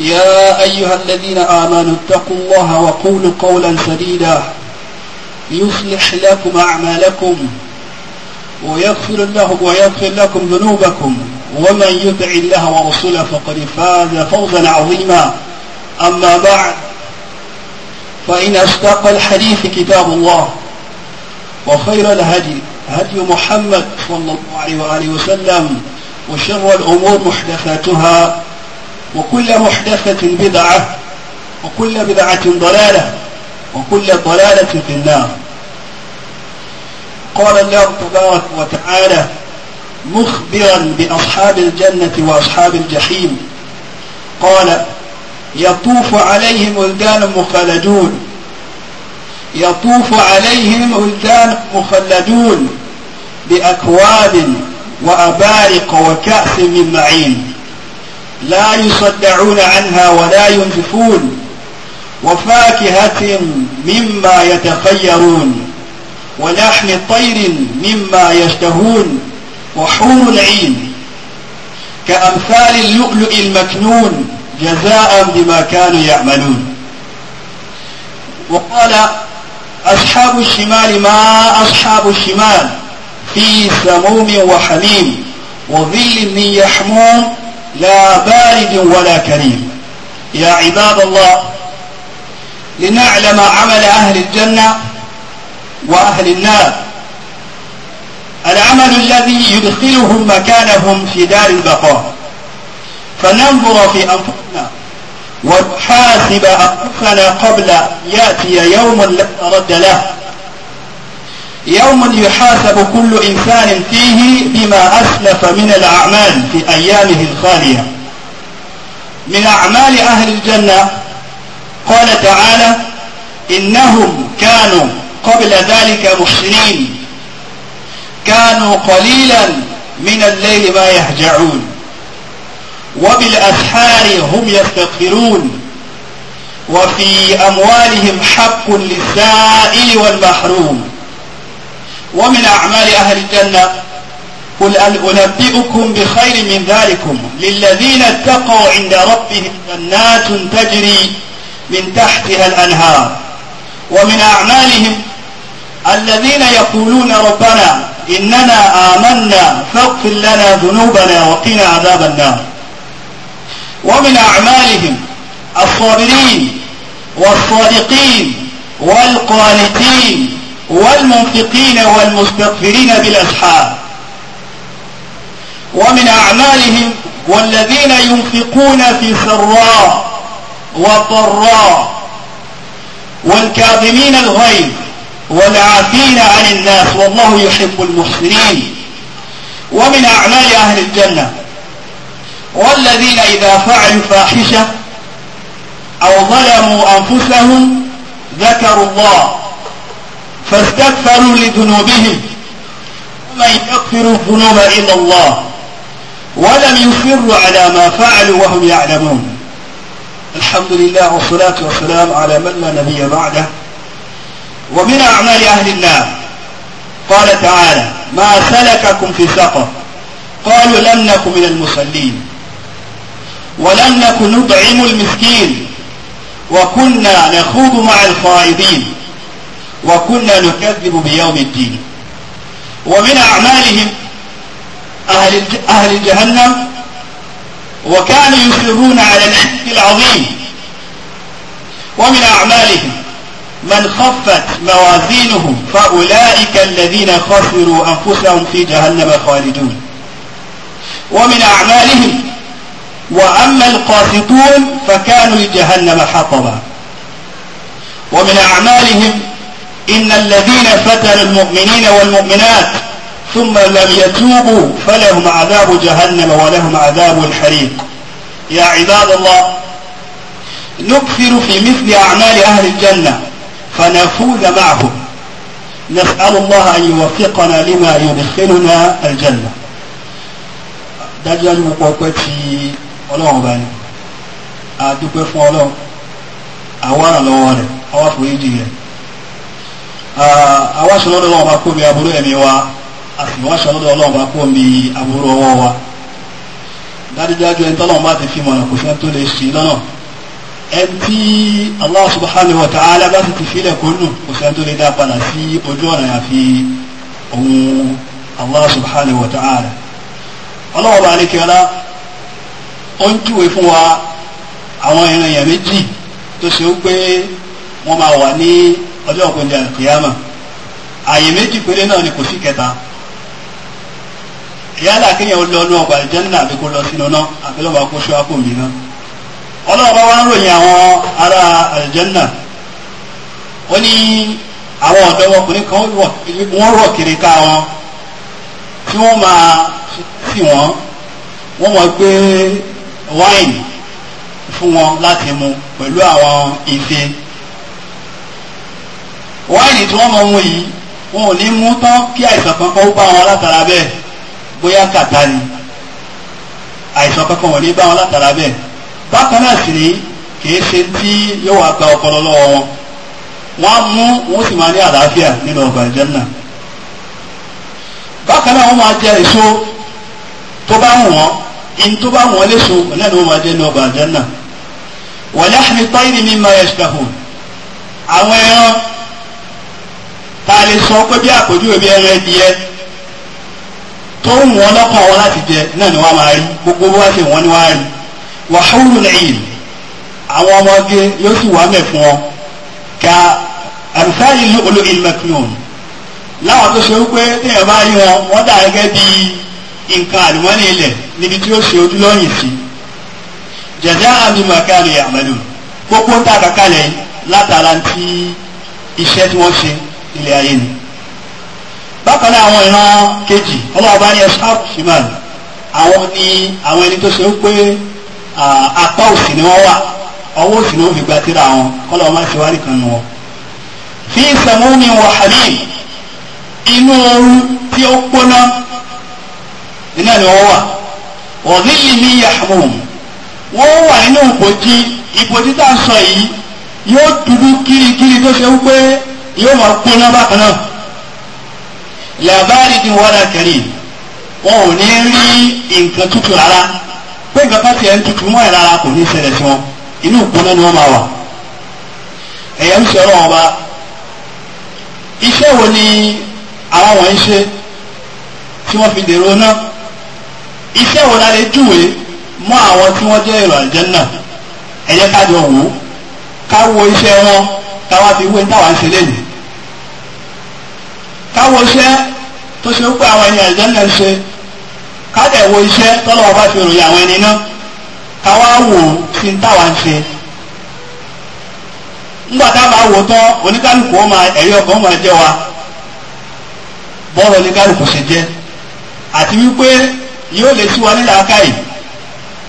يا أيها الذين آمنوا اتقوا الله وقولوا قولا سديدا يصلح لكم أعمالكم ويغفر الله ويغفر لكم ذنوبكم ومن يطع الله ورسوله فقد فاز فوزا عظيما أما بعد فإن أصدق الحديث كتاب الله وخير الهدي هدي محمد صلى الله عليه وآله وسلم وشر الأمور محدثاتها وكل محدثة بدعة وكل بدعة ضلالة وكل ضلالة في النار قال الله تبارك وتعالى مخبرا بأصحاب الجنة وأصحاب الجحيم قال يطوف عليهم ولدان مخلدون يطوف عليهم ولدان مخلدون بأكواب وأبارق وكأس من معين لا يصدعون عنها ولا ينزفون وفاكهة مما يتخيرون ولحم طير مما يشتهون وحور العين كأمثال اللؤلؤ المكنون جزاء بما كانوا يعملون وقال أصحاب الشمال ما أصحاب الشمال في سموم وحميم وظل من يحموم لا بارد ولا كريم يا عباد الله لنعلم عمل أهل الجنة وأهل النار العمل الذي يدخلهم مكانهم في دار البقاء فننظر في أنفسنا ونحاسب أنفسنا قبل يأتي يوم لا رد له يوم يحاسب كل إنسان فيه بما أسلف من الأعمال في أيامه الخالية من أعمال أهل الجنة قال تعالى إنهم كانوا قبل ذلك محسنين كانوا قليلا من الليل ما يهجعون وبالأسحار هم يستغفرون وفي أموالهم حق للسائل والمحروم ومن أعمال أهل الجنة قل أن أنبئكم بخير من ذلكم للذين اتقوا عند ربهم جنات تجري من تحتها الأنهار ومن أعمالهم الذين يقولون ربنا إننا آمنا فاغفر لنا ذنوبنا وقنا عذاب النار ومن أعمالهم الصابرين والصادقين والقانتين والمنفقين والمستغفرين بالأسحار ومن أعمالهم والذين ينفقون في سراء وضراء والكاظمين الغيظ والعافين عن الناس والله يحب المحسنين ومن أعمال أهل الجنة والذين إذا فعلوا فاحشة أو ظلموا أنفسهم ذكروا الله فاستغفروا لذنوبهم ومن يغفر الذنوب إلا الله ولم يصروا على ما فعلوا وهم يعلمون الحمد لله والصلاة والسلام على من لا نبي بعده ومن أعمال أهل النار قال تعالى ما سلككم في سقر قالوا لم نك من المصلين ولم نك نطعم المسكين وكنا نخوض مع الخائضين وكنا نكذب بيوم الدين ومن أعمالهم أهل, أهل جهنم وكانوا يصرون على الإثم العظيم ومن أعمالهم من خفت موازينهم فأولئك الذين خسروا أنفسهم في جهنم خالدون ومن أعمالهم وأما القاسطون فكانوا لجهنم حطبا ومن أعمالهم إن الذين فتنوا المؤمنين والمؤمنات ثم لم يتوبوا فلهم عذاب جهنم ولهم عذاب الحريق يا عباد الله نكثر في مثل أعمال أهل الجنة فنفوز معهم نسأل الله أن يوفقنا لما يدخلنا الجنة dájúdájú púpọ̀ الله ti ọlọ́run ọba ni a dúpẹ́ fún awaso lɔdɔ lɔn ba ko aburo yɛ wa awaso lɔdɔ lɔn ba ko bi aburo wɔ wa dadijajɔ ntɔlɔn ba ti fi mɔ na ko fɛn to le si lɔnɔ ɛnti alahu subahana wa taala ba ti fi kunu ko fɛn to le da bana fi ojú ɔnà yà fi ɔmu alahu subahana wa taala ɔlɔwɔ ba ni kɛra ɔn ti wo fun wa àwọn ɛrɛ yɛ to se ni. ọjọ́ òkúndé àlùkìyàmà àyè méjì péré náà ni kò sí kẹta yálà kéèyàn ó lọ ní ọgbà ìjẹ́nà àbí kó lọ sínú náà àbí lọ́wọ́ kó ṣọ́ àpò mi náà ọlọ́run bá wá ń ròyìn àwọn ará àlùjẹ́nà ó ní àwọn ọ̀dọ́ ọkùnrin kan wọ́n rọ̀ kiri ká wọn tí wọ́n máa sì wọ́n wọ́n máa gbé wáìnì fún wọn láti mu pẹ̀lú àwọn ife wáìnì tí wọ́n mọ wọn yìí wọn ò ní mú tán kí àìsàn kankan ó bá wọn látara bẹ́ẹ̀ bóyá kàtá ni àìsàn kankan wọn ní bá wọn látara bẹ́ẹ̀ bákan náà sì ni kìí ṣe tí yóò wá gba ọpọlọ lọ́wọ́ wọn wọn á mú wọn sì máa ní àlàáfíà nínú ọgbà ìjẹun bákan náà wọn máa jẹ èso tó bá wù wọn in tó bá wọn léso náà ni wọn máa jẹ nínú ọgbà ìjẹun wọlé àmì táyìrì mi máa yẹ ṣùgbọ́n àwọn ẹran tá a lè sọ pé bí àpèjúwe bí ẹran ẹdìyẹ tó ń wọn lọ́kàn wọn láti jẹ náà ni wọ́n máa rí gbogbo bó wá ṣe wọ́n ni wọ́n á rí wàhálù lẹ́yìn àwọn ọmọge yóò sì wá mẹ́ fún ọ ká àrùsáyìn ní olú ilmẹ̀kùnún láwọn tó ṣe wípé téèyàn bá rí wọn wọ́n dà gẹ́gẹ́ bí nǹkan àlùmọ́nì ilẹ̀ níbi tí ó ṣe ojúlọ́yìn sí jẹ̀dá àmì màkàrí àmàlù gbogbo ń tàkàkàlẹ̀ látara ti iṣẹ́ tí wọ́n ṣe ilé ayé ni bákan náà àwọn ìran kejì ọlọ́ọ̀bá ní ẹ̀ṣáàbù shimal àwọn ni àwọn ẹni tó ṣe ń pé apá òsì ni wọ́n wà ọwọ́ òsì ni wọ́n fi gba tírà wọn kọ́lọ́ọ̀ má ṣe wá nìkan nu wọn. fi samumi wa hamim inú ooru tí ó gbóná iná ni wọ́n wà ọ̀dílì ní yahmum wọ́n wà nínú ìbòjì ìbòjì tá a sọ yìí yóò dúdú kirikiri tó ṣe ń pé yóò máa kún iná bákan náà làbáàrí ni wàrà kẹrì wọn ò ní rí nǹkan tútù rárá pé nǹkan kan tiẹ̀ ń tutù mọ́ ẹ̀ rárá kò ní ṣẹlẹ̀ sí wọn inú ìpóná ni wọ́n máa wà ẹ̀yà ń sọ̀rọ̀ wọn bá iṣẹ́ wo ni àwọn wọ̀nyí ṣe tí wọ́n fi dèrò náà iṣẹ́ wo la lè júwèé mọ́ àwọn tí wọ́n jẹ́ èrò àlùjànnà ẹ jẹ́ ká jọ wò ó ká wo iṣẹ́ wọn táwa fi wé táwa ń ṣe lẹ́yìn káwọ iṣẹ́ tó ṣe ń pé àwọn ẹni ẹ̀jẹ̀ náà ṣe kádẹ̀wọ iṣẹ́ tọ́lọ́wọ́ bá fi ròyìn àwọn ẹni náà káwá wò sí ń táwa ń ṣe ńgbà tá a máa wò tán oníkálukú ó máa ẹ̀rí ọkàn ó máa jẹ́ wa bọ́ọ̀rọ̀ oníkálukú ṣe jẹ́ àti wípé yóò lè sí wa nílà káyìí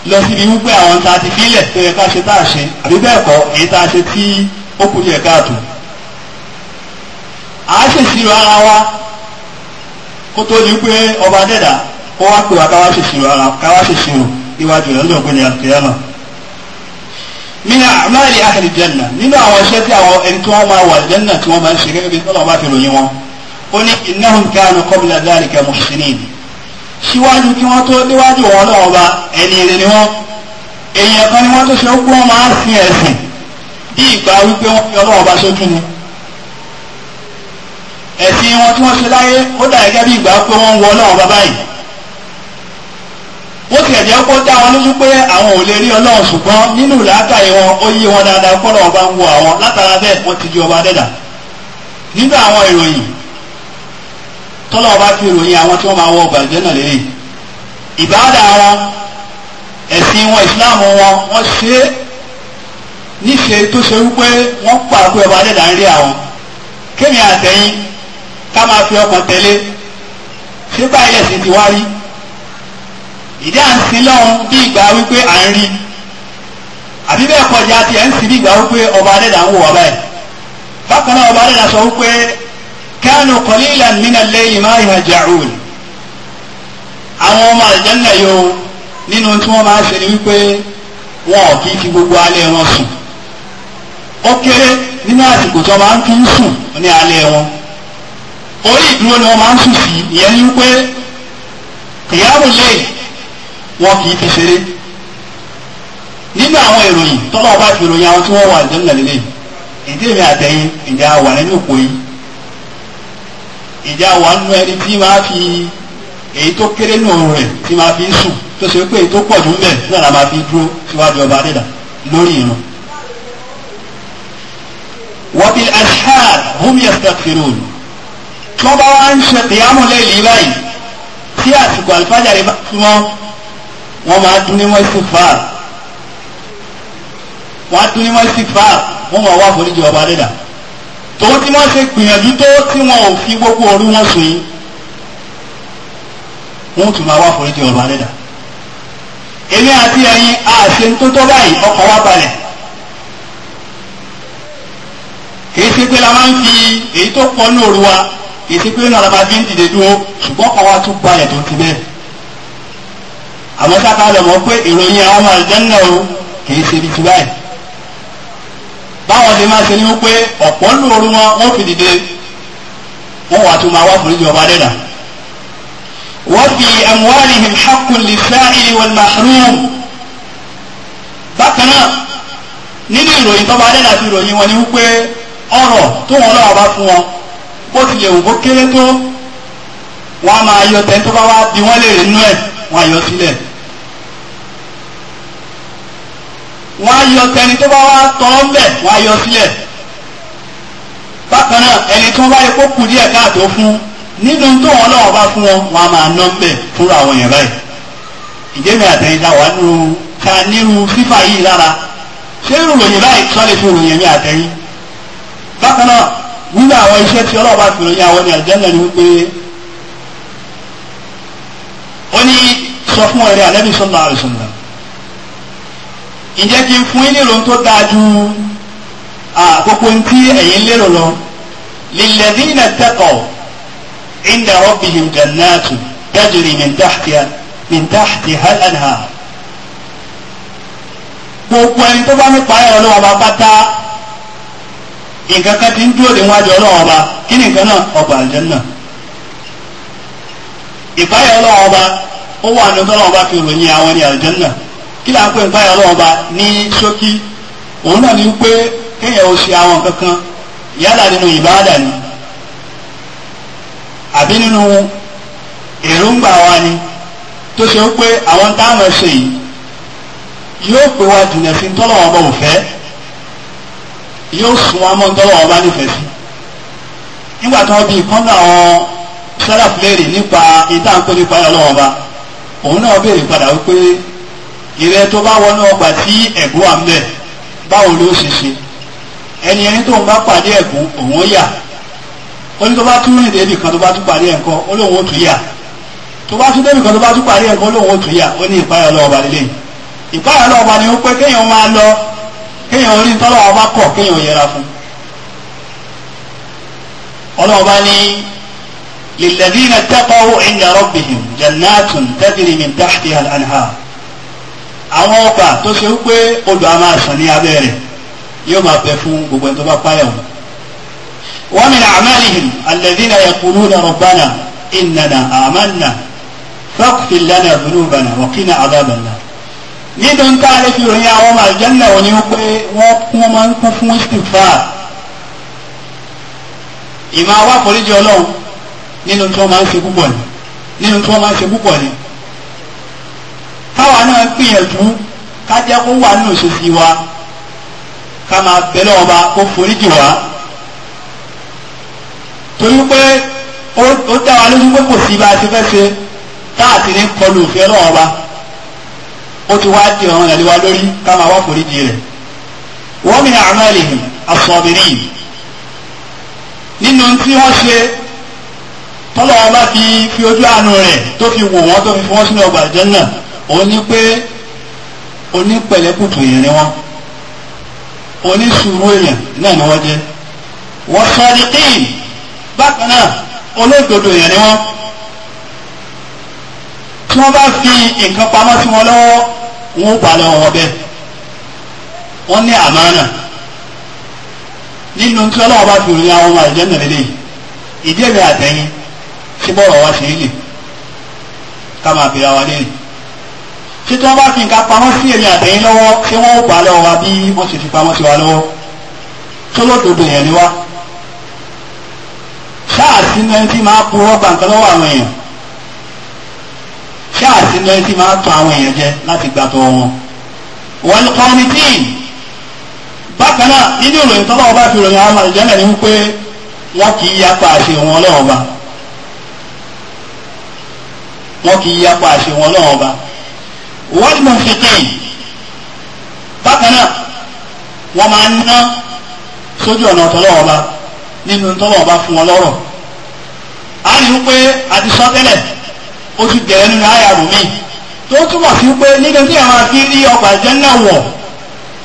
lọ síbi wípé àwọn tá a ti fílẹ̀ tó yẹ ká ṣe tá a ṣe àbí bẹ́ẹ̀ kọ́ èyí tá a ṣe tí ó kù yẹ káàtó a ṣèṣirò ara wa kó tó di pé ọba dẹ́dà ó wá pè wá ká wá ṣèṣirò ara ká wá ṣèṣirò iwájú rẹ̀ lóògbé ní àkìyàmà mina amali ahli janna nínú àwọn iṣẹ́ tí àwọn ẹni tí wọ́n máa wà janna tí wọ́n máa ń ṣe gẹ́gẹ́ bí ọlọ́run bá fi ròyìn wọn ó ní innahum kanu qabla dhalika muhsinin síwájú kí wọ́n tó níwájú wọn náà ọba wọ́n tó ṣe ọlọ́run ọba sójú ẹ̀sìn wọn tí wọ́n ṣe láyé ó dà gẹ́gẹ́ bí ìgbà pé wọ́n ń wọ ọlọ́run bàbá yìí ó tiẹ̀ jẹ́ kó dá wọn lójú pé àwọn ò lè rí ọlọ́run ṣùgbọ́n nínú làákàyè wọn ó yé wọn dáadáa kọ́lọ̀ ọba ń wo àwọn látara bẹ́ẹ̀ wọ́n ti di ọba dẹ́dà nínú àwọn ìròyìn tọ́lọ̀ ọba fi ròyìn àwọn tí wọ́n máa wọ ọgbà ìjẹ́nà lérè ìbáàdà wọn ẹ̀sìn wọn ìsìláàmù wọn wọ́n ṣe é níṣe tó ṣe wípé wọ́n pàápẹ́ ọba dẹ́dà ń rí àwọn kémi àtẹ̀yìn ká máa fi ọkàn tẹ̀lé ṣé báyìí ẹ̀sìn ti wá rí ìdí à ń sin lọ́hún bí ìgbà wípé à ń rí àbí bẹ́ẹ̀ kọjá tí ẹ̀ ń sin bí ìgbà wípé ọba adẹ́dà ń wò wá báyìí bákan náà ọba adẹ́dà sọ wípé kánú qalilan minal layli ma yahja'un àwọn ọmọ àlùjànnà yóò nínú tí wọ́n máa ń ṣe ni wípé wọn ò kì í fi gbogbo alẹ́ wọn sùn ó kéré nínú àsìkò tí wọ́n máa ń fi ń sùn ní alẹ́ wọn orí ìdúró ni wọ́n máa ń sùn sí ìyẹn ní wípé ìyáàbò lẹ́yìn wọn kì í fi ṣeré nínú àwọn ìròyìn tọ́lọ́ bá fi ròyìn àwọn tí wọ́n wà lẹ́nu lẹ́lẹ́ ìdí èmi àtẹ̀yìn ìjà wà nínú òpó yìí ìjà wà nínú ẹni tí máa fi èyí tó kéré nù rẹ̀ tí máa fi sùn tó ṣe pé èyí tó pọ̀ jù ń bẹ̀ náà máa fi dúró síwájú ọba adéda lórí ìran. wọ́n bí ashab hum yastaghfirun tí wọ́n bá wá ń ṣe kìyàmù lẹ́yìn báyìí tí àsìkò àlùfájà rẹ̀ bá súnmọ́ wọ́n máa dún ní mọ́sí fáà wọ́n á dún ní mọ́sí fáà wọ́n máa wá foríjì ọba dẹ́dà tòun tí wọ́n ṣe gbìyànjú tó tí wọn ò fi gbogbo òru wọn sùn yìí wọ́n tún máa wá foríjì ọba dẹ́dà èmi àti ẹ̀yin àṣẹ tó tó báyìí ọkọ̀ wá balẹ̀ kì í ṣe pé la máa ń fi èyí tó pọ̀ ní òru wa èsì pé náà lọ́ba fi ń dìde dúró ṣùgbọ́n kan wá tún balẹ̀ tó ti bẹ́ẹ̀ àmọ́ sáká lọ mọ̀ pé ìròyìn àwọn máa jẹ́ náà o kì ṣe ibi tí báyìí báwọn ṣe máa ṣe ni wípé ọ̀pọ̀ ń lu ooru wọn wọ́n fi dìde wọ́n wà tún máa wá fún ìjọba dẹ́dà wọ́n fi amwalihim haqqun lis-sa'ili wal-mahrum bákan náà nínú ìròyìn tọ́ba dẹ́dà ti ròyìn wọn ni wípé ọ̀rọ̀ tó wọn lọ́wọ́ bá fún wọn bó ti lè wò bó kéré tó wọ́n á máa yọ tẹ́ni tó bá wá bí wọ́n lè rí inú ẹ̀ wọ́n á yọ sílẹ̀. wọ́n á yọ tẹ́ni tó bá wá tọ́ ńbẹ̀ wọ́n á yọ sílẹ̀. bákan náà ẹni tí wọ́n bá yẹ kó kù díẹ̀ káàtó fún nínú tó wọn náà bá fún wọn wọ́n á máa ná ńbẹ̀ fúnra àwọn èèyàn báyìí. ìdébẹ̀ àtẹ̀yìndà wà nínú ká nírú fífà yìí lára ṣé ìròyìn báyìí sọ́lé fún ìròyìn mi àtẹ̀yìn. bákan náà nínú àwọn iṣẹ́ tí ọlọ́ọ̀bá fi ròyìn àwọn ní àlùjánnà ni wípé ó ní sọ fún ẹ̀rẹ́ ànábì sallallahu alaihi wasallam ǹjẹ́ kí n fún yín lérò tó dáa ju àkókò tí ẹ̀yin lérò lọ lilladhina taqaw inda rabbihim jannatun tajri min tahtiha min tahtiha al-anhar gbogbo ẹni tó bá ní pààyàn ọlọ́wọ́ bá pátá nǹkan kan ti ń dúró de wájú ọlọ́run ọba kí ni nǹkan náà ọgbà àlùjànnà ìpáyà ọlọ́run ọba ó wà ní ọlọ́run ọba fi ròyìn àwọn ní àlùjànnà kí là ń pè ìpáyà ọlọ́run ọba ní ṣókí òun náà ni pé kéèyàn ó ṣe àwọn kankan yálà nínú ìbáàdà ni àbí nínú èròǹgbà wa ni tó ṣe pé àwọn táwọn ṣe yìí yóò pè wá jìnnà sí tọ́lọ́run ọba ò fẹ́ yóò sún wọn mọ́ tọ́wọ́ wọn bá nífẹ̀ẹ́ sí nígbà tí wọ́n bí ìkan náà wọn sẹ́láf léèrè nípa ìta ń pè nípa ẹ̀ ọlọ́wọ́n ba òun náà béèrè padà wípé ìrẹ́ tó bá wọnú ọgbà tí ẹ̀gbọ́n wà ń báwo ló ṣe ṣe ẹni ẹni tó ń bá pàdé ẹ̀gbọ́n òun ó yà ó ní tó bá tún rìn débi kan tó bá tún pàdé ẹ̀kọ́ ó lóun ó tún yà tó bá tún débi kan tó bá tún pàdé ẹ̀kọ́ ó lóun ó tún yà ó ní ìpáyà ọlọ́wọ́ba lélẹ́yìn kéèyàn orí tọ́lọ̀ ọba kọ̀ kéèyàn yẹra fún ọlọ́ọ̀bá ní lilladhina taqaw inda rabbihim jannatun tajri min tahtiha al-anhar àwọn ọgbà tó ṣe wípé odò a máa sàn ní abẹ́ rẹ̀ yóò máa bẹ fún gbogbo ẹni tó bá páyà wọn. wa min a'malihim alladhina yaquluna rabbana innana amanna faghfir lana dhunubana wa qina nínú ń tààlé fi ròyìn àwọn ọmọ àlùjànnà wọn ni wípé wọ́n máa ń kún fún istifa ìmọ̀ àwọn àforíjì ọlọ́run nínú tí wọ́n máa ń ṣe púpọ̀ ni nínú tí wọ́n máa ń ṣe púpọ̀ ni káwa náà gbìyànjú ká jẹ́ kó wà nínú ìṣòfì wa ká máa bẹ̀rẹ̀ ọba kó foríjì wa torí pé ó dá wa lójú pé kò sí bá a ti fẹ́ ṣe táà kọlu òfin ọlọ́run ọba ó ti wá di ọ̀ràn ìyàlẹ́wà lórí ká máa wá foríjì rẹ̀ wọ́n mi àmàlìhì àsọ̀bìrì nínú tí wọ́n ṣe tọ́lọ̀ ọba fi fi ojú àánú rẹ̀ tó fi wò wọ́n tó fi fi wọ́n sínú ọgbà àlùjánnà òun ní pé onípẹ̀lẹ́kùtù ìrìn wọn onísùúrù èèyàn náà ni wọ́n jẹ́ wọ́n sọ́ọ́dí kíì bákan náà olóògbòdò èèyàn ni tí wọ́n bá fi nǹkan pamọ́ sí wọn lọ́wọ́ wọ́n pamọ́ wọn bẹ́ẹ̀ wọ́n ní àmánà nínú tí ọlọ́wọ́ bá fi rìn àwọn ọmọ àjẹ́ nàlẹ́ yìí ìdí ẹ̀rẹ́ àtẹ̀yìn tí bọ́ọ̀rọ̀ wá sí ilé ká máa bèrè àwọn lẹ́yìn tí tí wọ́n bá fi nǹkan pamọ́ sí ẹ̀rẹ́ àtẹ̀yìn lọ́wọ́ ṣé wọ́n ó pa lọ́wọ́ wa bí wọ́n ṣe fi pamọ́ sí wa lọ́wọ́ tó lọ́dọ̀dọ̀ yẹn ni wá ṣáà sí ẹni tí máa purọ́ gbàǹkan lọ́wọ́ àwọn èèyàn ṣé àtìlẹ́yìn tí máa tàn àwọn èèyàn jẹ láti gbà tọ́ wọn. wọ́n kọ́ ní tíì bákan náà nínú ìròyìn tọ́lọ́wọ́ bá fi ròyìn àwọn àlùjẹ́nà ni wípé wọ́n kì í yapa àṣẹ wọn lọ́wọ́ bá wọ́n kì í yapa àṣẹ wọn lọ́wọ́ bá wọ́n mú fìtìn bákan náà wọ́n máa ń ná sójú ọ̀nà tọ́lọ́wọ́ bá nínú tọ́lọ́wọ́ bá fún wọn lọ́rọ̀ a wípé àti sọ́tẹ́lẹ̀ ó ti gẹ̀rẹ́ nínú àyàrò mi tó túmọ̀ sí pé nínú tí àwọn àti rí ọgbà ìjẹ́nà wọ̀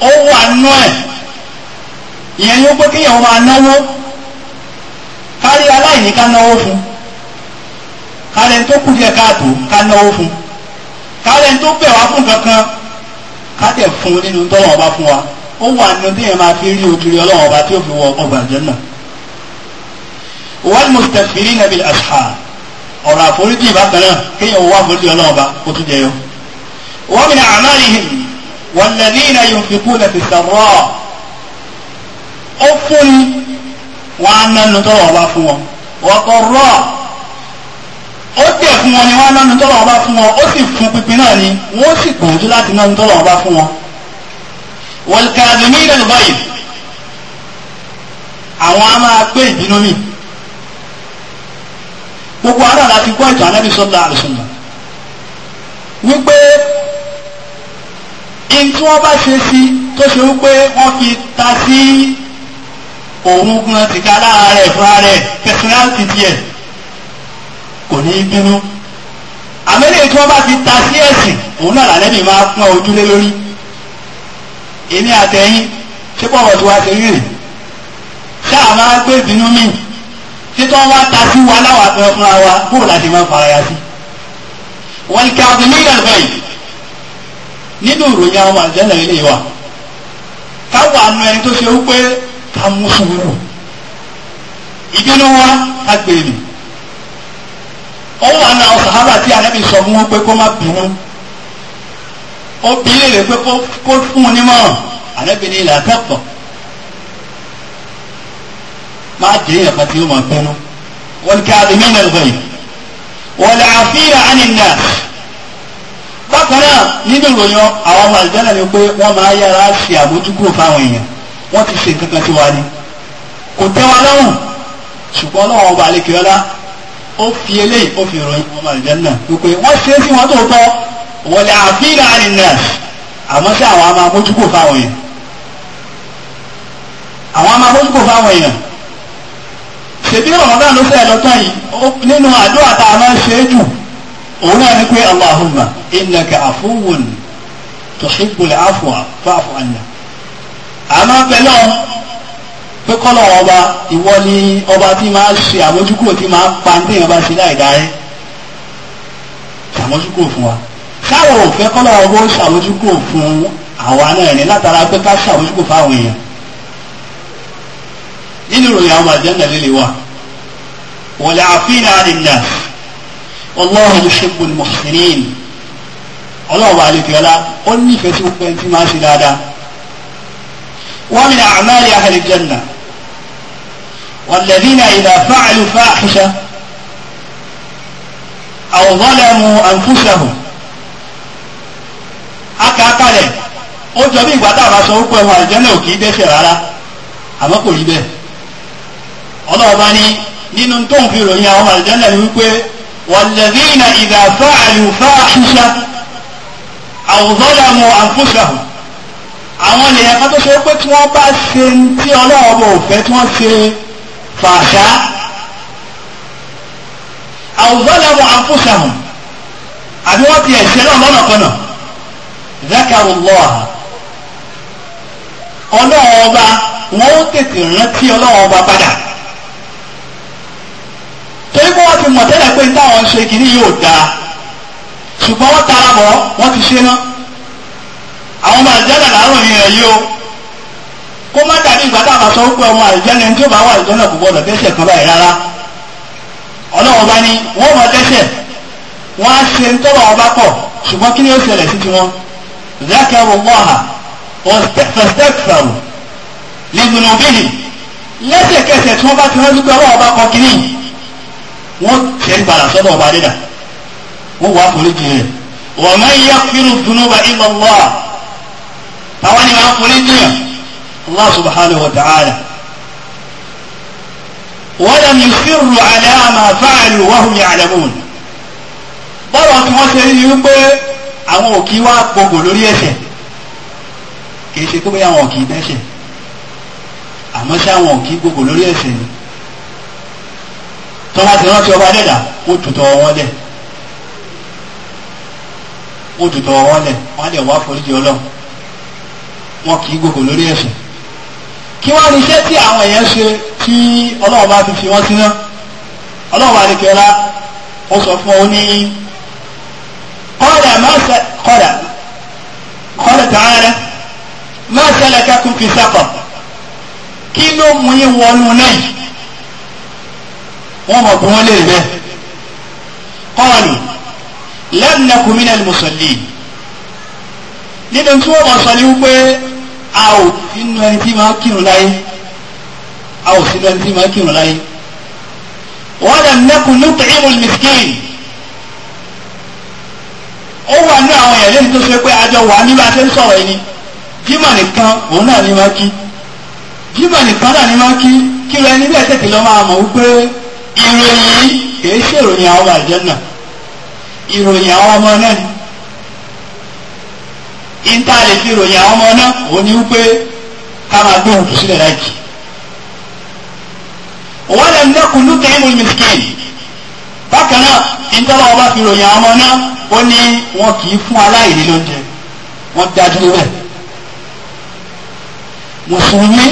ó wà nú ẹ̀ ìyẹn ló pé kéèyàn máa náwó kárí aláìní ká náwó fún kárẹ̀ tó kù díẹ̀ káàtó ká náwó fún kárẹ̀ tó bẹ̀ wá fún kankan ká tẹ̀ fún nínú tọ́lọ̀ ọba fún wa ó wà máa fi rí ọlọ́wọ́ ọba tí ó fi wọ ọgbà ọ̀rọ̀ àforíjì bákan náà kéèyàn wá àforíjì ọlọ́run ọba ó tún jẹyọ. wọ́n mi ní àmàlìhìn walladhina yunfiquna fi sarra ó fún ni wọ́n á nánu tọrọ ọba fún wọn wọ́n kọ́ rọ́ ó tẹ̀ fún wọn ni wọ́n á nánu tọrọ ọba fún wọn ó sì fún pínpín náà ni wọ́n sì gbìyànjú láti nánu tọrọ ọba fún wọn. wal kadhimina al-ghayz àwọn á máa gbé ìbínú mi gbogbo ara la ti gbọ́ ìtàn anábì sọ́dọ̀ àlùsọ̀nà wípé n tí wọ́n bá ṣe sí tó ṣe wípé wọ́n fi ta sí òun gan tìka lára rẹ̀ fúnra rẹ̀ pẹ̀sìnráàtì tiẹ̀ kò ní í bínú àmẹ́lẹ̀ tí wọ́n bá ti ta sí ẹ̀sìn òun náà lànẹ́bì máa pọ́n ojúlé lórí èmi àtẹ̀yìn ṣé pọ̀ wọ́n ti ṣe rí rè ṣáà máa gbé ìbínú míì títọ́ wá ta sí wa láwọn àpẹẹrẹ fúnra wa bó láti máa fara ya sí. wọ́n ní káàdì mílíọ̀nù àlùbáyì nínú ìròyìn àwọn àjẹ́nà ilé wa káwọn àna ẹni tó ṣe wípé ká mú sùúrù ìbínú wa ká gbé mi. E ọwọ́ àna àwọn sàhábà tí anábì sọ fún wọn pé kó má bínú ó bí léèrè pé kó fún un nímọ̀ràn anábì ní ìlà akẹ́kọ̀ọ́ má jẹ́yìn àpá tí ó máa bẹ́nu wal kaadhimina al-ghayz wal afina 'ani an-nas bákan náà nínú ìròyìn àwọn ọmọ àlùjáná ni pé wọ́n máa yára ṣe àmójúkúrò fáwọn èèyàn wọ́n ti ṣe nǹkan kan sí wa ni kò tẹ́ wa lọ́rùn ṣùgbọ́n lọ́wọ́ ọba àlekèọ́lá ó fi eléyìí ó fi ròyìn ọmọ àlùjáná wípé wọ́n ṣe é sí wọn tó tọ́ wal afina 'ani an àmọ́ sí àwọn àmà fáwọn èèyàn àwọn àmà fáwọn èèyàn ṣèbí rọ̀mọ́dá ló fẹ́ lọ́tọ́ yìí nínú àdúrà tá a máa ń ṣe é jù òun náà ni pé allahumma innaka afuwun tuhibbul afwa fa'fu anna àmọ́ pẹ̀lú pé kọ́lọ̀ ọba ìwọ ni ọba tí máa ṣe àmójúkúrò tí máa pa ní èèyàn bá ṣe láì dárí ṣàmójúkúrò fún wa káwọn ò fẹ́ kọ́lọ̀ ọba ó ṣàmójúkúrò fún àwa náà ní látara pé ká ṣàmójúkúrò fáwọn èèyàn nínú ìròyìn àwọn àjẹ́ ńlẹ̀ lè والعافين عن الناس والله يحب المحسنين ọlọ́ọ̀bà àlejòọ́lá ó nífẹ̀ẹ́ tí gbogbo ẹni tí máa ń ṣe dáadáa wọ́n ní àmàlì àhàlìjẹ́nà والذين إذا فعلوا فاحشة أو ظلموا أنفسهم akákalẹ̀ ó jọ bí ìgbà táwọn aṣọ wípé wọn àlìjẹ́nà ò kì í dẹ́ṣẹ̀ rárá àmọ́ kò rí bẹ́ẹ̀ ọlọ́ọ̀bá ní nínú tó ń fi ròyìn àwọn àlùjànnà ni wípé wàlẹ́dínà ìdá fáàlù fáàṣíṣà àwùzọ́làmù àǹfùṣàhùn àwọn ènìyàn kan tó ṣe pé tí wọ́n bá ṣe tí ọlọ́run ọba òfẹ́ tí wọ́n ṣe fàṣà àwùzọ́làmù àǹfùṣàhùn àbí wọ́n ti ẹ̀ṣẹ̀ náà lọ́nà kanà zakaru lọ́à ọlọ́run ọba wọ́n tètè rántí ọlọ́run ọba padà torí pé wọ́n ti mọ̀ tẹ́lẹ̀ pé táwọn ń ṣe kìíní yóò dáa ṣùgbọ́n wọ́n tara bọ̀ wọ́n ti ṣe náà àwọn ọmọ àlùjáde làárọ̀ yìí rẹ̀ yìí o kó má dàbí ìgbà tá a máa sọ pé ọmọ àlùjáde tí ó bá wà àlùjáde kò gbọdọ̀ dẹ́ṣẹ̀ kan báyìí rárá ọlọ́wọ́ bá ní wọ́n mọ dẹ́ṣẹ̀ wọ́n á ṣe ń tọ́wọ́ ọba pọ̀ ṣùgbọ́n kí ni ó ṣẹlẹ̀ sí tiwọn zakaru mọ́ha fẹ̀sítẹ́kìfàrù lẹ́gbẹ̀rún bíi lẹ́sẹ̀kẹsẹ̀ tí wọ́n bá ti rántí pé ọlọ́wọ́ ọba kan kìíní wọ́n tẹ̀ padà sọ́dọ̀ ọba dídà wọ́n wà foríjì rẹ̀ wa man yaghfiru dhunuba illa Allah àwọn ni wọ́n foríjì rẹ̀ Allah subhanahu wa ta'ala wa lam yusirru ala ma fa'alu wa hum ya'lamun bọ́lá tí wọ́n ṣe rí i àwọn òkì wá gbogbo lórí ẹ̀ṣẹ̀ kì í ṣe pé àwọn òkì dẹ́ṣẹ̀ àmọ́ ṣé àwọn òkì gbogbo lórí ẹ̀ṣẹ̀ ni tọ́ba ti rántí ọba dẹ́dà ó tutọ́ wọn lẹ̀ ó tutọ́ wọn lẹ̀ wọn lẹ̀ wá foríjì ọlọ́run wọn kì í gbogbo lórí ẹ̀sìn kí wọ́n ní iṣẹ́ tí àwọn èèyàn ṣe tí ọlọ́run bá fi fi wọ́n síná ọlọ́run bá lè kẹ́ra ó sọ fún ọ ní kọ́dà má sẹ kọ́dà kọ́dà tààrà má sẹlẹ̀ kẹ́kùn fi sẹ́kọ̀ kí ló mú yín wọnú náà yìí wọ́n mọ̀ bí wọ́n lè rẹ̀ kọ́ọ̀lù lẹ́mìnàkùn mínà mùsọ̀lì nínú tí wọ́n mọ̀ sọ ní wípé a ò nínú ẹni tí máa kírun láyé a ò sínú ẹni tí máa kírun láyé wọ́n dà nẹ́kùn ní tẹ̀yìnmù mìsíkìn ó wà ní àwọn èèyàn lẹ́yìn tó ṣe pé àjọ wà níbi àti ń sọ̀rọ̀ ẹni jímọ̀ nìkan òun náà ní máa kí jímọ̀ nìkan náà ní máa kí kí lọ ẹni bẹ́ẹ̀ tètè lọ máa mọ̀ wípé ìròyìn yìí kìí ṣe ìròyìn àwọn àjẹ́nà ìròyìn àwọn ọmọ náà ni níta lè fi ìròyìn àwọn ọmọ náà òun ni wípé ká máa gbé òkú sílẹ̀ láìkì wọ́n lè nẹ́kùn lókè ìmú mìsíkìn bákan náà nítorí wọn fi ìròyìn àwọn ọmọ náà ó ní wọn kì í fún aláìní lóúnjẹ wọn dájú níbẹ̀ mùsùlùmí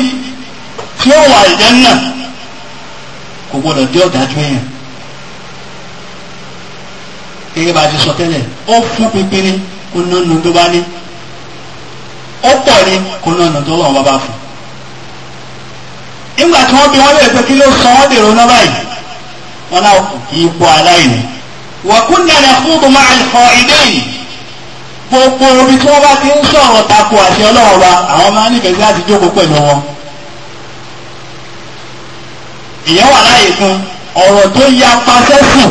tí ó wà ìjẹ́ kò gbọ́dọ̀ dé ọ̀dájú èèyàn gẹ́gẹ́ bá a ti sọ tẹ́lẹ̀ ó fún pínpín ní kó nánu tó bá ní ó pọ̀ ní kó nánu tó wà wọ́n bá fún nígbà tí wọ́n bí wọ́n lè pé kí ló sọ wọ́n dèrò náà báyìí wọn náà kì í pọ̀ aláìní wa kunna nakhudu ma'a al-kha'idin gbogbo omi tí wọ́n bá ti ń sọ̀rọ̀ tako àti ọlọ́wọ́ wa àwọn máa ń nífẹ̀ẹ́ sí àti jókòó pẹ̀lú wọn ìyẹn wà láàyè fún ọ̀rọ̀ tó ya pasẹ́sìn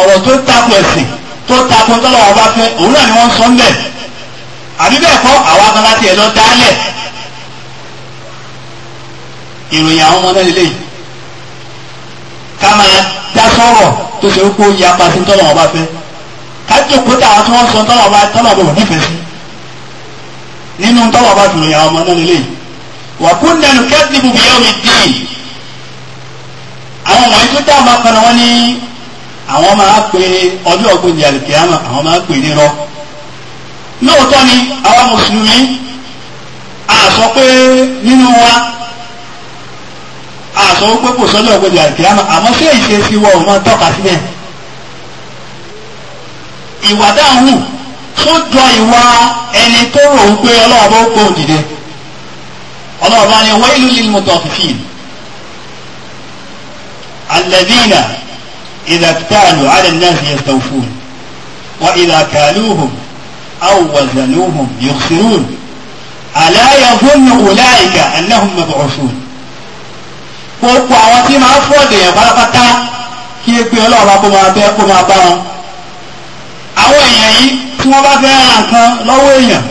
ọ̀rọ̀ tó takò ẹ̀sìn tó takò tọ́lọ̀ wọn bá fẹ́ òun náà ni wọ́n sọ ń bẹ̀ àbí bẹ́ẹ̀ kọ́ àwa kan láti ẹ̀ lọ dálẹ̀ ìròyìn àwọn ọmọ náà lélẹ̀ yìí ká máa dá sọ̀rọ̀ tó ṣe kó ya pasẹ́sìn tọ́lọ̀ wọn bá fẹ́ ká jókòó tà tí wọ́n sọ tọ́lọ̀ bá tọ́lọ̀ wọn nífẹ̀ẹ́ sí nínú tọ́lọ̀ bá fi àwọn ọmọ náà lélẹ̀ yìí wà kúndẹ̀nù kẹ́sìtì bùbí yẹ́ omi díì àwọn wọ̀nyí tó dáhùn bá kan wọn ní àwọn máa pe ọdún ọgbìn ìdí àlùkìyàmà àwọn máa pe nírọ́ lóòótọ́ ni àwọn mùsùlùmí a sọ pé nínú wa a sọ pé kò sọ́jọ́ ọgbìn ìdí àlùkìyàmà àmọ́ sí ìṣesí wọ ọmọ tọ́ka síbẹ̀ ìwà dáhùn tó jọ ìwà ẹni tó rò ó pé ọlọ́ọ̀bá ó kó òdìdẹ ọlọ́ọ̀bá ni wọ́n ìlú lílu mọ́tò ọ̀fìfì yìí. الذين إذا اكتالوا على الناس يستوفون وإذا كالوهم أو وزنوهم يخسرون ألا يظن أولئك أنهم مبعوثون gbogbo àwọn tí máa ń fọ́ọ̀dù yẹn pátápátá kí epe ọlọ́ọ̀bá kó máa bẹ́ kó máa bá wọn. àwọn èèyàn yìí tí wọ́n bá fẹ́ ra nǹkan lọ́wọ́ èèyàn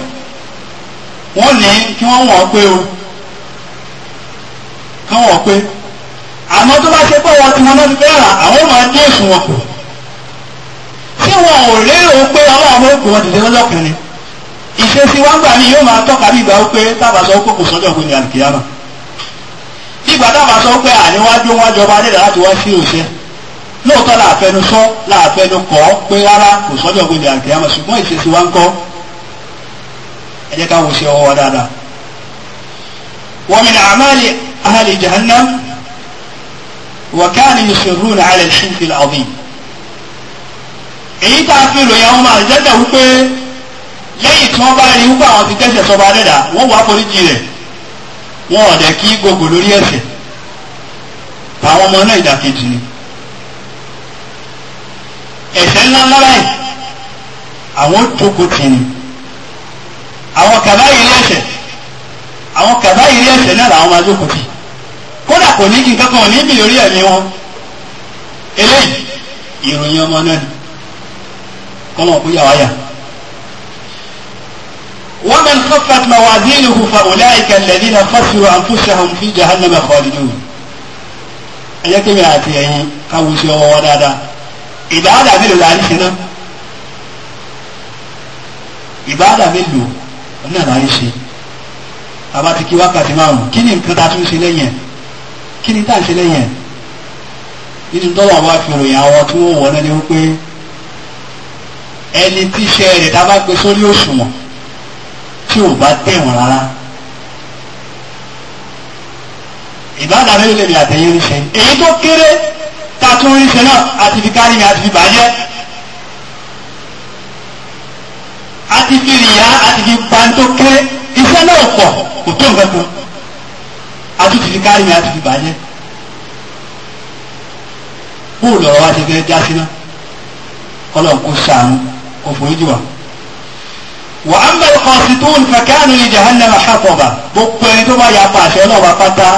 wọ́n ní kí wọ́n wọ̀n pé o kí wọ́n wọ̀n pé o àmọ́ tó bá ṣe pé wọn ti wọn náà ti fẹ́ rà àwọn máa dín èsùn wọn kù tí wọn ò lérò pé ọlọ́run ó gbọ́n dìde lọ́kùnrin ìṣesí wa gbà ní yóò máa tọ́ka bí ìgbà ó pé tábà sọ pé kò sọ́jọ́ òkú ni àlùkìyàmà ìgbà tábà sọ pé àníwájú wọn jọba nílẹ̀ láti wá sí òṣè lóòótọ́ làfẹnusọ làfẹnukọ pé rárá kò sọ́jọ́ òkú ni àlùkìyàmà ṣùgbọ́n ìṣesí wa kọ́ ẹ ká wo ṣe ọwọ́ dáadáa wọ́n mi ní àmàlì ahàlì jahannam وكانوا يصرون على الحنف العظيم èyí tá a fi ròyìn àwọn ọmọ àjẹ́tẹ̀ wípé lẹ́yìn tí wọ́n bá rí wípé àwọn ti tẹ́sẹ̀ sọba dẹ́dà wọ́n wá foríjì rẹ̀ wọ́n ọ̀dẹ̀ kí gbogbo lórí ẹ̀ṣẹ̀ àwọn ọmọ náà ìdàkejì ni ẹ̀ṣẹ̀ ńlá ńlá báyìí àwọn jókòó tì ní àwọn kàbáyìí rí ẹ̀ṣẹ̀ àwọn kàbáyìí rí ẹ̀ṣẹ̀ náà làwọn máa jókòó tì kò ní nǹkan kan ní ìbì lórí ẹ̀mí wọn eléyìí ìròyìn ọmọ náà ni kọ́mọ̀ kó yà wáyà. ومن خفت موازينه فأولئك الذين خسروا أنفسهم في جهنم خالدون ẹ̀yẹ́ kébì àti ẹ̀yìn káwọn ṣe ọwọ́ dáadáa ìbáàdà mélòó la ń ṣe náà mélòó náà la ń ṣe abá ti kí kí ni nǹkan tá tún ṣe lẹ́yìn ẹ̀ kí ni táà ṣe lẹ́yìn ẹ̀ nínú tọ́lọ̀ àwọn afẹ́ròyìn àwọn tí wọ́n wọ̀ náà ni wípé ẹni tí iṣẹ́ rẹ̀ tá bá gbé sórí òṣùwọ̀n tí ò bá tẹ̀wọ̀n rárá ìbáàdà mélòó lèmi àtẹ̀yìn ríṣẹ́ èyí tó kéré ta tún ríṣẹ́ náà àti fi kárí mi àti fi bàjẹ́ àti fi rìyà àti fi pantó kéré iṣẹ́ náà pọ̀ kò tó nǹkan kan àtúntì fi kárí mi àtúntì bàjẹ́ bóò lọ́rọ̀ wa ti fẹ́ já síná kọ́lọ̀ kó sàánú kó forí jù wá. wà á ń bẹ̀rẹ̀ kan sí tó ń fẹ̀kánú ní jahannama hàtọ̀bà gbogbo ẹni tó bá ya pàṣẹ ọlọ́ọ̀bà pátá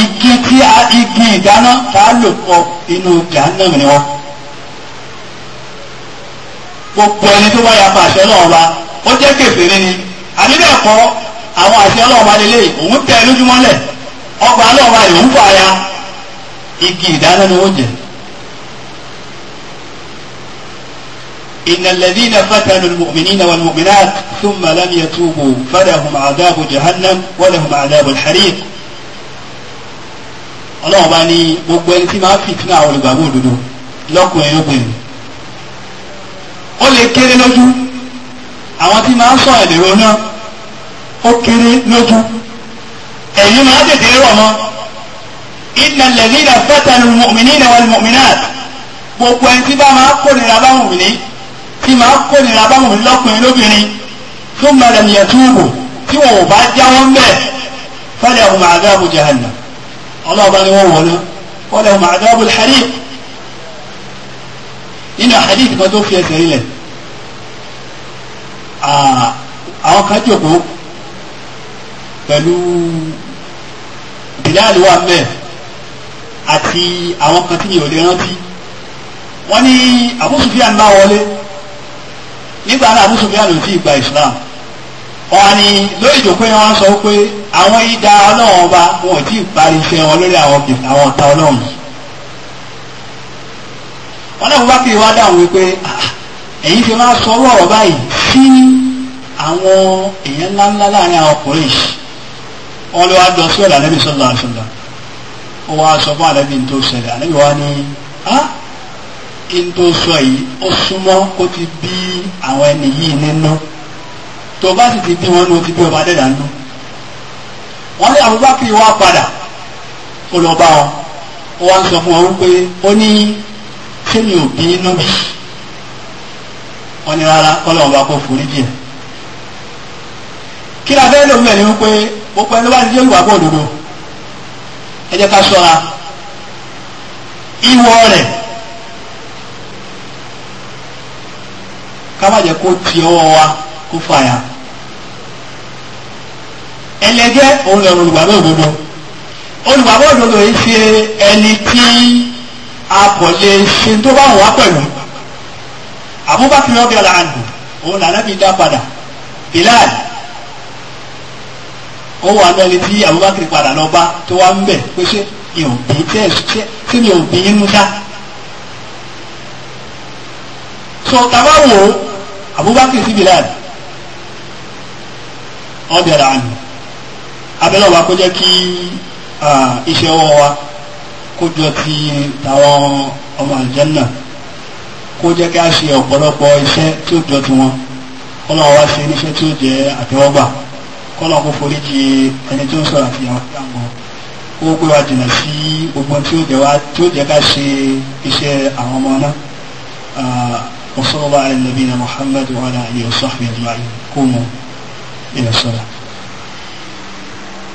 igi tí a igi ìdáná tá lò pọ̀ inú jahannama ni wọn. gbogbo ẹni tó bá ya pàṣẹ ọlọ́ọ̀bà ó jẹ́ kèfèrí ni àbí àwọn àṣẹ ọlọ́ọ̀bà lélẹ́yìn òun tẹ̀ lójúmọ́lẹ̀ ọgbà náà wà yòówù fàyà igi ìdáná ni wọ́n jẹ. إن الذين فتنوا المؤمنين والمؤمنات ثم لم يتوبوا فلهم عذاب جهنم ولهم عذاب الحريق ọlọ́run bá ní gbogbo ẹni tí máa fìtínà àwọn olùgbàgbọ́ òdodo lọ́kùnrin lóbìnrin ó lè kéré lójú àwọn tí máa ń sọ ẹ̀dẹ̀rọ náà ó kéré lójú ẹ̀yin máa tètè rọ̀ mọ́ inna alladhina fatanu almu'minina walmu'minat gbogbo ẹni tí bá máa kórìíra bá wù mí tí máa kórìíra bá wù mí lọ́kùnrin lóbìnrin thumma lam yatubu tí wọn ò bá jáwọ́ ń bẹ̀ falahum adhabu jahannam ọlọ́ọ̀bá ni wọ́n wọ̀ náà falahum adhabu alhariq nínú hadith kan tó fi ẹsẹ̀ rí àwọn kan jòkó pẹ̀lú rìjáàlì wà ń bẹ àti àwọn kan tí yìí ò lè rántí wọ́n ní Abu bá wọlé nígbà náà Abu Sufyan ló gba Islam wọ́n ní lórí ìjòkó yẹn wọ́n sọ pé àwọn idà ọlọ́run ọba wọn ò tí ì parí iṣẹ́ wọn lórí àwọn ọ̀tá ọlọ́run yìí wọ́n náà bá fi wá dáhùn wípé ẹ̀yin fi máa sọ ọwọ́ ọ̀rọ̀ báyìí sí àwọn èèyàn ńláńlá láàrin àwọn ọkùnrin yìí wọn ló wá lọ sí ọ̀dà ànábì sọ̀lá àṣọ̀lá wọn wá sọ fún ànábì tó ṣẹlẹ̀ ànábì wá ní á n tó sọ yìí ó súnmọ́ kó ti bí àwọn ẹni yìí nínú tó bá sì ti bí wọn ní o ti bí ọba dẹ́dà nínú wọn ní Abubakar wá padà ó lọ bá wọn ó wá sọ fún wọn wípé ó ní kí ni òbí inú bí wọn ní rárá kọ́lọ́ ọba kó forí díẹ̀ kí la fẹ́ lómi ẹ̀ wípé gbogbo ẹni wá ní yóò wà bọ̀ òdodo ẹ jẹ́ ká ṣọ́ra ìwọ rẹ̀ ká má jẹ́ kó ti ọwọ́ wa kó fàyà ẹlẹgẹ́ òun lọ́rùn olùgbàgbọ́ òdodo olùgbàgbọ́ òdodo yìí ṣe ẹni tí a kò lè ṣe tó bá wà pẹ̀lú Abubakar ọbẹ̀ làǹdù òun làǹdù dá padà Bilal ó wà lọ́ni tí Abubakar padà lọ bá tó wá ń bẹ̀ pé ṣé mi ò bí tẹ́ ṣe tí mi ò bí inú dá. so tàbá wò ó Abubakar sí Bilal wọ́n bẹ̀rẹ̀ àná abẹ́lẹ́ wa kó jẹ́ kí iṣẹ́ ọwọ́ wa kó jọ ti tàwọn ọmọ àlùjànnà kó jẹ́ kí a ṣe ọ̀pọ̀lọpọ̀ iṣẹ́ tí ó jọ tiwọn ọlọ́wọ́ wa ṣe níṣẹ́ tí ó jẹ́ àtẹ́wọ́gbà kọ́lọ́n kó forí jì ẹni tó ń sọ̀rọ̀ àti àwọn fúlàǹgọ̀ kó pé wá jìnnà sí gbogbo tí ó jẹ́ wá tí ó jẹ́ ká ṣe iṣẹ́ àwọn ọmọ náà وصلى الله على نبينا محمد وعلى اله وصحبه اجمعين قوموا الى الصلاه